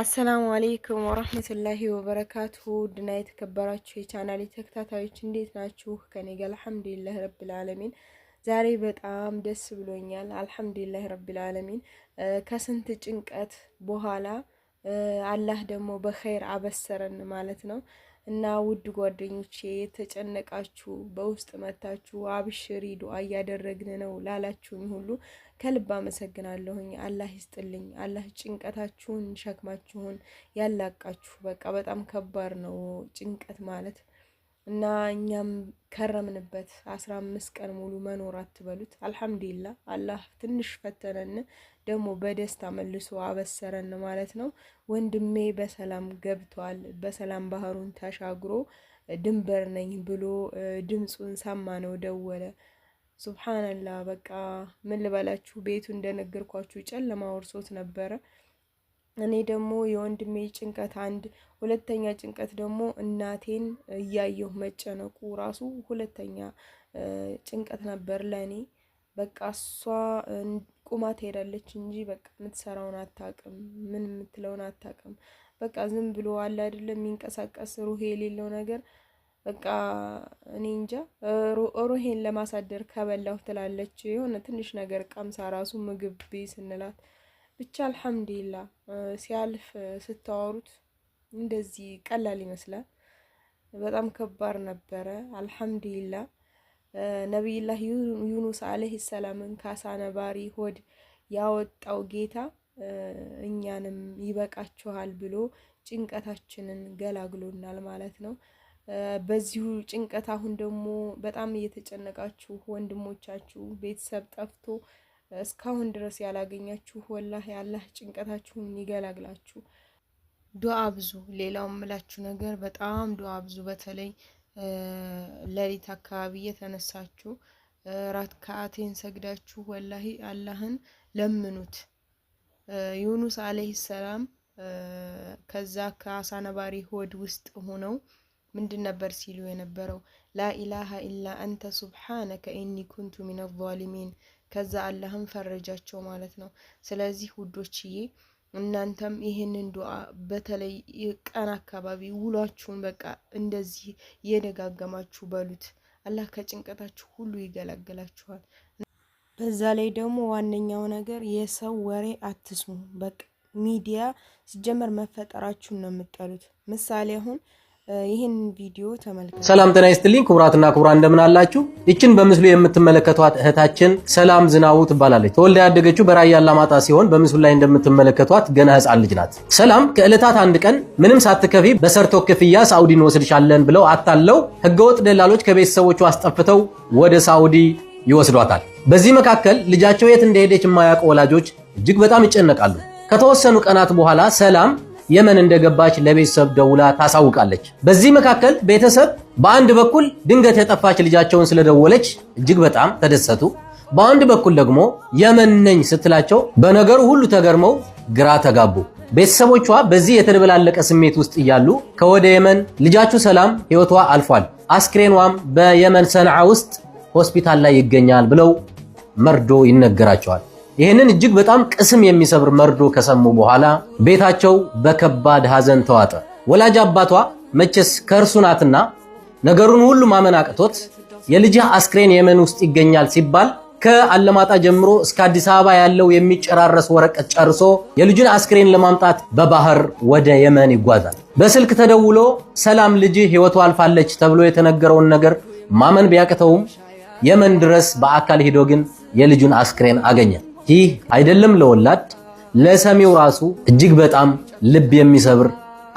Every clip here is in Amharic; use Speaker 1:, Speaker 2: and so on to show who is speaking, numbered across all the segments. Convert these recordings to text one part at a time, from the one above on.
Speaker 1: አሰላሙ አሌይኩም ወረህመቱላሂ ወበረካቱሁ ውድና የተከበራችሁ የቻናሌ ተከታታዮች እንዴት ናችሁ? ከኔ ጋር አልሐምዱሊላህ ረብል ዓለሚን ዛሬ በጣም ደስ ብሎኛል። አልሐምዱሊላህ ረብል ከስንት ጭንቀት በኋላ አላህ ደግሞ በኸይር አበሰረን ማለት ነው። እና ውድ ጓደኞቼ የተጨነቃችሁ በውስጥ መታችሁ አብሽሪ ዱአ እያደረግን ነው ላላችሁኝ ሁሉ ከልብ አመሰግናለሁኝ። አላህ ይስጥልኝ። አላህ ጭንቀታችሁን ሸክማችሁን ያላቃችሁ። በቃ በጣም ከባድ ነው ጭንቀት ማለት እና እኛም ከረምንበት አስራ አምስት ቀን ሙሉ መኖር አትበሉት። አልሐምዱሊላ አላህ ትንሽ ፈተነን ደግሞ በደስታ መልሶ አበሰረን ማለት ነው። ወንድሜ በሰላም ገብቷል። በሰላም ባህሩን ተሻግሮ ድንበር ነኝ ብሎ ድምፁን ሰማ ነው ደወለ። ሱብሓነላ በቃ ምን ልበላችሁ፣ ቤቱ እንደነገርኳችሁ ጨለማ ወርሶት ነበረ። እኔ ደግሞ የወንድሜ ጭንቀት አንድ፣ ሁለተኛ ጭንቀት ደግሞ እናቴን እያየሁ መጨነቁ ራሱ ሁለተኛ ጭንቀት ነበር ለእኔ። በቃ እሷ ቁማ ትሄዳለች እንጂ በቃ የምትሰራውን አታውቅም፣ ምን የምትለውን አታውቅም። በቃ ዝም ብሎ አለ አይደለም የሚንቀሳቀስ ሩሄ የሌለው ነገር በቃ እኔ እንጃ ሩሄን ለማሳደር ከበላሁ ትላለች። የሆነ ትንሽ ነገር ቀምሳ ራሱ ምግብ ቤ ስንላት ብቻ አልሐምዱሊላ ሲያልፍ ስታወሩት እንደዚህ ቀላል ይመስላል። በጣም ከባድ ነበረ። አልሐምዱሊላ ነቢይላህ ዩኑስ አለህ ሰላምን ካሳ ነባሪ ሆድ ያወጣው ጌታ እኛንም ይበቃችኋል ብሎ ጭንቀታችንን ገላግሎናል ማለት ነው። በዚሁ ጭንቀት አሁን ደግሞ በጣም እየተጨነቃችሁ ወንድሞቻችሁ ቤተሰብ ጠፍቶ እስካሁን ድረስ ያላገኛችሁ ወላህ ያላህ ጭንቀታችሁን ይገላግላችሁ። ዱአ ብዙ። ሌላው የምላችሁ ነገር በጣም ዱአ ብዙ። በተለይ ሌሊት አካባቢ እየተነሳችሁ ራት ከአቴን ሰግዳችሁ ወላሂ አላህን ለምኑት። ዩኑስ አለይሂ ሰላም ከዛ ከአሳ ነባሪ ሆድ ውስጥ ሆነው ምንድን ነበር ሲሉ የነበረው ላኢላሃ ኢላ አንተ ሱብሓነከ ኢኒ ኩንቱ ሚነ ዛሊሚን። ከዛ አላህም ፈረጃቸው ማለት ነው። ስለዚህ ውዶችዬ እናንተም ይህንን ዱዓ በተለይ ቀን አካባቢ ውሏችሁን በቃ እንደዚህ እየደጋገማችሁ በሉት። አላህ ከጭንቀታችሁ ሁሉ ይገላገላችኋል። በዛ ላይ ደግሞ ዋነኛው ነገር የሰው ወሬ አትስሙ። በቃ ሚዲያ ሲጀመር መፈጠራችሁን ነው የምጠሉት። ምሳሌ አሁን ይህን ቪዲዮ ተመልከቱ።
Speaker 2: ሰላም ጤና ይስጥልኝ ክቡራትና ክቡራን እንደምን አላችሁ? ይችን በምስሉ የምትመለከቷት እህታችን ሰላም ዝናቡ ትባላለች። ተወልዳ ያደገችው በራያ አላማጣ ሲሆን በምስሉ ላይ እንደምትመለከቷት ገና ሕፃን ልጅ ናት። ሰላም ከዕለታት አንድ ቀን ምንም ሳትከፊ በሰርቶ ክፍያ ሳውዲ እንወስድሻለን ብለው አታለው ህገወጥ ደላሎች ከቤተሰቦቹ አስጠፍተው ወደ ሳውዲ ይወስዷታል። በዚህ መካከል ልጃቸው የት እንደሄደች የማያውቁ ወላጆች እጅግ በጣም ይጨነቃሉ። ከተወሰኑ ቀናት በኋላ ሰላም የመን እንደገባች ለቤተሰብ ደውላ ታሳውቃለች። በዚህ መካከል ቤተሰብ በአንድ በኩል ድንገት የጠፋች ልጃቸውን ስለደወለች እጅግ በጣም ተደሰቱ። በአንድ በኩል ደግሞ የመን ነኝ ስትላቸው በነገሩ ሁሉ ተገርመው ግራ ተጋቡ። ቤተሰቦቿ በዚህ የተደበላለቀ ስሜት ውስጥ እያሉ ከወደ የመን ልጃችሁ ሰላም ሕይወቷ አልፏል፣ አስክሬኗም በየመን ሰንዓ ውስጥ ሆስፒታል ላይ ይገኛል ብለው መርዶ ይነገራቸዋል። ይህንን እጅግ በጣም ቅስም የሚሰብር መርዶ ከሰሙ በኋላ ቤታቸው በከባድ ሐዘን ተዋጠ። ወላጅ አባቷ መቼስ ከእርሱ ናትና ነገሩን ሁሉ ማመን አቅቶት የልጅህ አስክሬን የመን ውስጥ ይገኛል ሲባል ከአለማጣ ጀምሮ እስከ አዲስ አበባ ያለው የሚጨራረስ ወረቀት ጨርሶ የልጁን አስክሬን ለማምጣት በባህር ወደ የመን ይጓዛል። በስልክ ተደውሎ ሰላም ልጅ ሕይወቱ አልፋለች ተብሎ የተነገረውን ነገር ማመን ቢያቅተውም የመን ድረስ በአካል ሂዶ ግን የልጁን አስክሬን አገኘ። ይህ አይደለም ለወላድ ለሰሚው ራሱ እጅግ በጣም ልብ የሚሰብር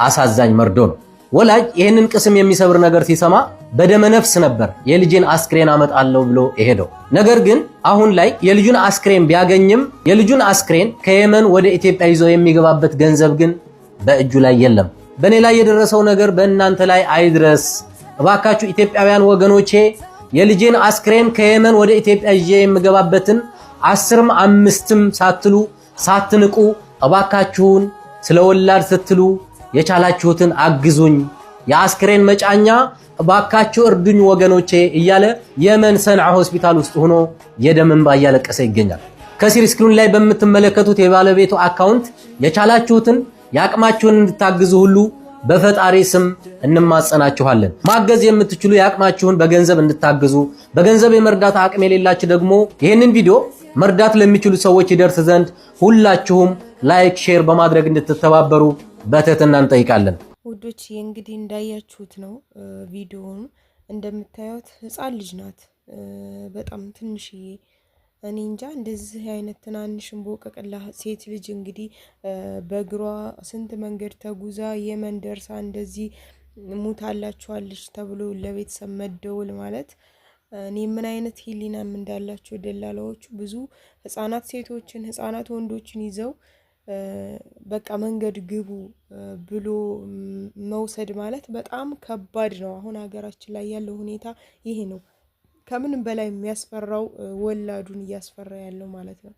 Speaker 2: አሳዛኝ መርዶ ነው። ወላጅ ይህንን ቅስም የሚሰብር ነገር ሲሰማ በደመ ነፍስ ነበር የልጅን አስክሬን አመጣለሁ ብሎ የሄደው። ነገር ግን አሁን ላይ የልጁን አስክሬን ቢያገኝም የልጁን አስክሬን ከየመን ወደ ኢትዮጵያ ይዞ የሚገባበት ገንዘብ ግን በእጁ ላይ የለም። በእኔ ላይ የደረሰው ነገር በእናንተ ላይ አይድረስ እባካችሁ ኢትዮጵያውያን ወገኖቼ፣ የልጄን አስክሬን ከየመን ወደ ኢትዮጵያ ይዤ የምገባበትን አስርም አምስትም ሳትሉ ሳትንቁ እባካችሁን ስለ ወላድ ስትሉ የቻላችሁትን አግዙኝ፣ የአስክሬን መጫኛ እባካችሁ እርዱኝ ወገኖቼ እያለ የመን ሰንዓ ሆስፒታል ውስጥ ሆኖ የደም እንባ እያለቀሰ ይገኛል። ከሲር ስክሪን ላይ በምትመለከቱት የባለቤቱ አካውንት የቻላችሁትን የአቅማችሁን እንድታግዙ ሁሉ በፈጣሪ ስም እንማጸናችኋለን። ማገዝ የምትችሉ የአቅማችሁን በገንዘብ እንድታግዙ፣ በገንዘብ የመርዳት አቅም የሌላችሁ ደግሞ ይህንን ቪዲዮ መርዳት ለሚችሉ ሰዎች ይደርስ ዘንድ ሁላችሁም ላይክ፣ ሼር በማድረግ እንድትተባበሩ በትህትና እንጠይቃለን።
Speaker 1: ውዶች እንግዲህ እንዳያችሁት ነው ቪዲዮውን። እንደምታዩት ህፃን ልጅ ናት፣ በጣም ትንሽዬ እኔ እንጃ እንደዚህ አይነት ትናንሽ እምቦቀቅላ ሴት ልጅ እንግዲህ በእግሯ ስንት መንገድ ተጉዛ የመን ደርሳ እንደዚህ ሙታላችኋለች ተብሎ ለቤተሰብ መደውል ማለት እኔ ምን አይነት ሂሊናም እንዳላቸው ደላላዎቹ ብዙ ህጻናት ሴቶችን ህጻናት ወንዶችን ይዘው በቃ መንገድ ግቡ ብሎ መውሰድ ማለት በጣም ከባድ ነው። አሁን ሀገራችን ላይ ያለው ሁኔታ ይሄ ነው። ከምንም በላይ የሚያስፈራው ወላዱን እያስፈራ ያለው ማለት ነው።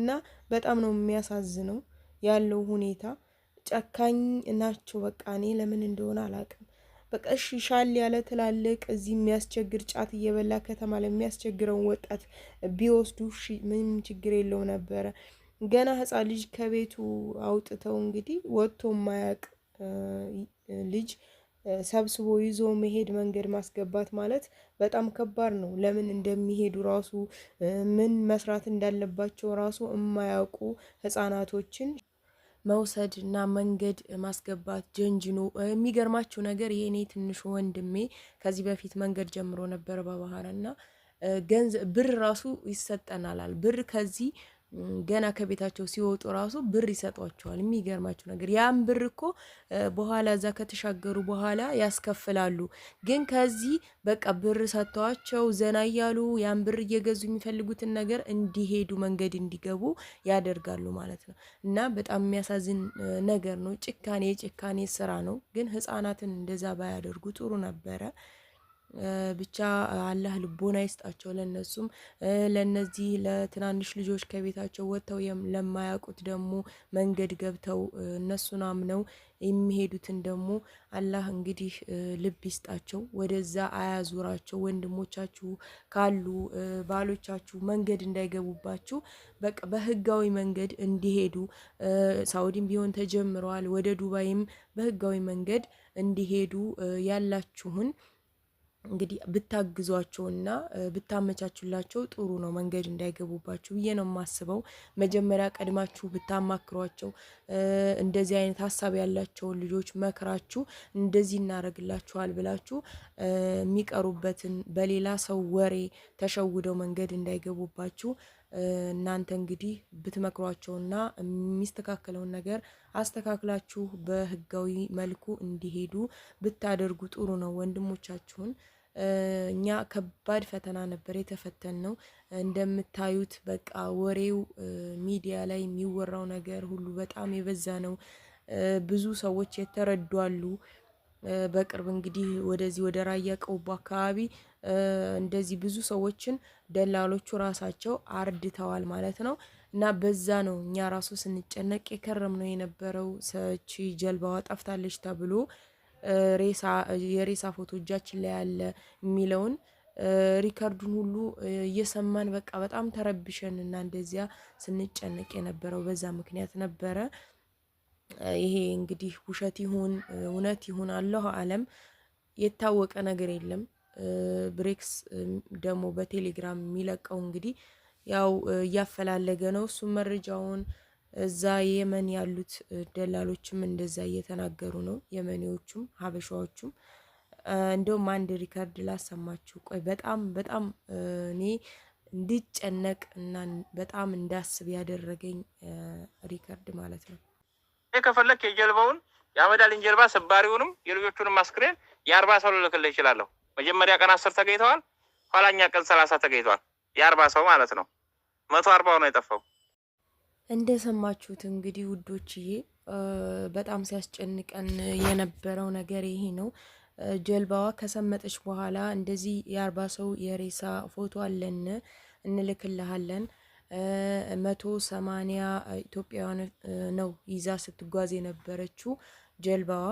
Speaker 1: እና በጣም ነው የሚያሳዝነው ያለው ሁኔታ። ጨካኝ ናቸው። በቃ እኔ ለምን እንደሆነ አላውቅም። በቃ እሺ ሻል ያለ ትላልቅ እዚህ የሚያስቸግር ጫት እየበላ ከተማ ለሚያስቸግረውን ወጣት ቢወስዱ እሺ ምንም ችግር የለው ነበረ። ገና ህፃን ልጅ ከቤቱ አውጥተው እንግዲህ ወጥቶ የማያውቅ ልጅ ሰብስቦ ይዞ መሄድ መንገድ ማስገባት ማለት በጣም ከባድ ነው። ለምን እንደሚሄዱ ራሱ ምን መስራት እንዳለባቸው ራሱ የማያውቁ ህጻናቶችን መውሰድ እና መንገድ ማስገባት ጀንጅኖ። የሚገርማችሁ ነገር የእኔ ትንሹ ወንድሜ ከዚህ በፊት መንገድ ጀምሮ ነበር በባህር እና ገንዘብ ብር ራሱ ይሰጠናላል ብር ከዚህ ገና ከቤታቸው ሲወጡ ራሱ ብር ይሰጧቸዋል። የሚገርማቸው ነገር ያን ብር እኮ በኋላ እዛ ከተሻገሩ በኋላ ያስከፍላሉ። ግን ከዚህ በቃ ብር ሰጥተዋቸው ዘና እያሉ ያን ብር እየገዙ የሚፈልጉትን ነገር እንዲሄዱ መንገድ እንዲገቡ ያደርጋሉ ማለት ነው። እና በጣም የሚያሳዝን ነገር ነው። ጭካኔ የጭካኔ ስራ ነው። ግን ህጻናትን እንደዛ ባያደርጉ ጥሩ ነበረ። ብቻ አላህ ልቦና ይስጣቸው። ለነሱም ለነዚህ ለትናንሽ ልጆች ከቤታቸው ወጥተው ለማያውቁት ደግሞ መንገድ ገብተው እነሱን አምነው የሚሄዱትን ደግሞ አላህ እንግዲህ ልብ ይስጣቸው፣ ወደዛ አያዙራቸው። ወንድሞቻችሁ ካሉ ባሎቻችሁ መንገድ እንዳይገቡባችሁ በቃ በህጋዊ መንገድ እንዲሄዱ ሳውዲም ቢሆን ተጀምረዋል፣ ወደ ዱባይም በህጋዊ መንገድ እንዲሄዱ ያላችሁን እንግዲህ ብታግዟቸውና ብታመቻቹላቸው ጥሩ ነው። መንገድ እንዳይገቡባቸው ብዬ ነው የማስበው። መጀመሪያ ቀድማችሁ ብታማክሯቸው፣ እንደዚህ አይነት ሀሳብ ያላቸውን ልጆች መክራችሁ እንደዚህ እናደርግላችኋል ብላችሁ የሚቀሩበትን በሌላ ሰው ወሬ ተሸውደው መንገድ እንዳይገቡባችሁ እናንተ እንግዲህ ብትመክሯቸውና የሚስተካከለውን ነገር አስተካክላችሁ በህጋዊ መልኩ እንዲሄዱ ብታደርጉ ጥሩ ነው ወንድሞቻችሁን እኛ ከባድ ፈተና ነበር የተፈተን ነው። እንደምታዩት በቃ ወሬው ሚዲያ ላይ የሚወራው ነገር ሁሉ በጣም የበዛ ነው። ብዙ ሰዎች የተረዱ አሉ። በቅርብ እንግዲህ ወደዚህ ወደ ራያ ቆቦ አካባቢ እንደዚህ ብዙ ሰዎችን ደላሎቹ ራሳቸው አርድተዋል ማለት ነው። እና በዛ ነው እኛ ራሱ ስንጨነቅ የከረም ነው የነበረው ሰቺ ጀልባዋ ጠፍታለች ተብሎ የሬሳ ፎቶ እጃችን ላይ አለ የሚለውን ሪከርዱን ሁሉ እየሰማን በቃ በጣም ተረብሸን እና እንደዚያ ስንጨነቅ የነበረው በዛ ምክንያት ነበረ። ይሄ እንግዲህ ውሸት ይሁን እውነት ይሁን አለሁ አለም የታወቀ ነገር የለም። ብሬክስ ደግሞ በቴሌግራም የሚለቀው እንግዲህ ያው እያፈላለገ ነው እሱም መረጃውን እዛ የመን ያሉት ደላሎችም እንደዛ እየተናገሩ ነው። የመኔዎቹም ሀበሻዎቹም እንደውም አንድ ሪከርድ ላሰማችሁ። ቆይ በጣም በጣም እኔ እንድጨነቅ እና በጣም እንዳስብ ያደረገኝ ሪከርድ ማለት ነው።
Speaker 2: ይህ ከፈለክ የጀልባውን የአመዳሊን ጀልባ ስባሪውንም የልጆቹንም አስክሬን የአርባ ሰው ልልክልህ ይችላለሁ። መጀመሪያ ቀን አስር ተገኝተዋል፣ ኋላኛ ቀን ሰላሳ ተገኝተዋል። የአርባ ሰው ማለት ነው። መቶ አርባው ነው የጠፋው።
Speaker 1: እንደሰማችሁት እንግዲህ ውዶችዬ በጣም ሲያስጨንቀን የነበረው ነገር ይሄ ነው። ጀልባዋ ከሰመጠች በኋላ እንደዚህ የአርባ ሰው የሬሳ ፎቶ አለን እንልክልሃለን መቶ ሰማንያ ኢትዮጵያውያን ነው ይዛ ስትጓዝ የነበረችው ጀልባዋ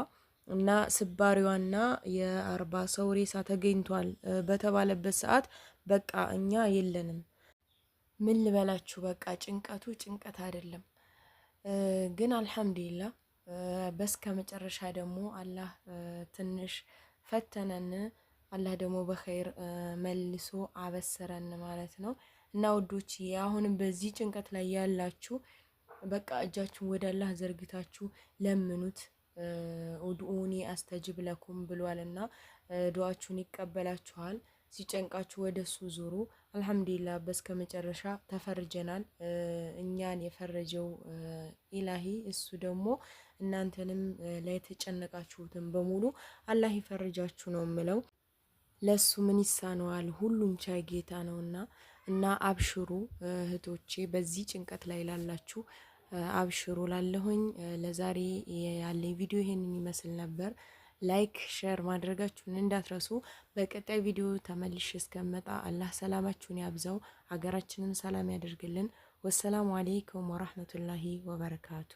Speaker 1: እና ስባሪዋና የአርባ ሰው ሬሳ ተገኝቷል በተባለበት ሰዓት በቃ እኛ የለንም ምን ልበላችሁ፣ በቃ ጭንቀቱ ጭንቀት አይደለም። ግን አልሐምዱሊላ በስከ መጨረሻ ደግሞ አላህ ትንሽ ፈተነን፣ አላህ ደግሞ በኸይር መልሶ አበሰረን ማለት ነው። እና ውዶች አሁንም በዚህ ጭንቀት ላይ ያላችሁ በቃ እጃችሁን ወደ አላህ ዘርግታችሁ ለምኑት። ኡድኡኒ አስተጅብ ለኩም ብሏልና ዱዋችሁን ይቀበላችኋል። ሲጨንቃችሁ ወደ እሱ ዙሩ። አልሐምዱሊላ በስከ መጨረሻ ተፈርጀናል። እኛን የፈረጀው ኢላሂ እሱ ደግሞ እናንተንም ላይ የተጨነቃችሁትን በሙሉ አላህ ይፈርጃችሁ ነው የምለው። ለእሱ ምን ይሳነዋል? ሁሉን ቻይ ጌታ ነውና እና አብሽሩ እህቶቼ፣ በዚህ ጭንቀት ላይ ላላችሁ አብሽሩ ላለሁኝ። ለዛሬ ያለኝ ቪዲዮ ይሄንን ይመስል ነበር። ላይክ፣ ሼር ማድረጋችሁን እንዳትረሱ። በቀጣይ ቪዲዮ ተመልሼ እስከመጣ አላህ ሰላማችሁን ያብዛው፣ ሀገራችንን ሰላም ያደርግልን። ወሰላሙ አሌይኩም ወራህመቱላሂ ወበረካቱ።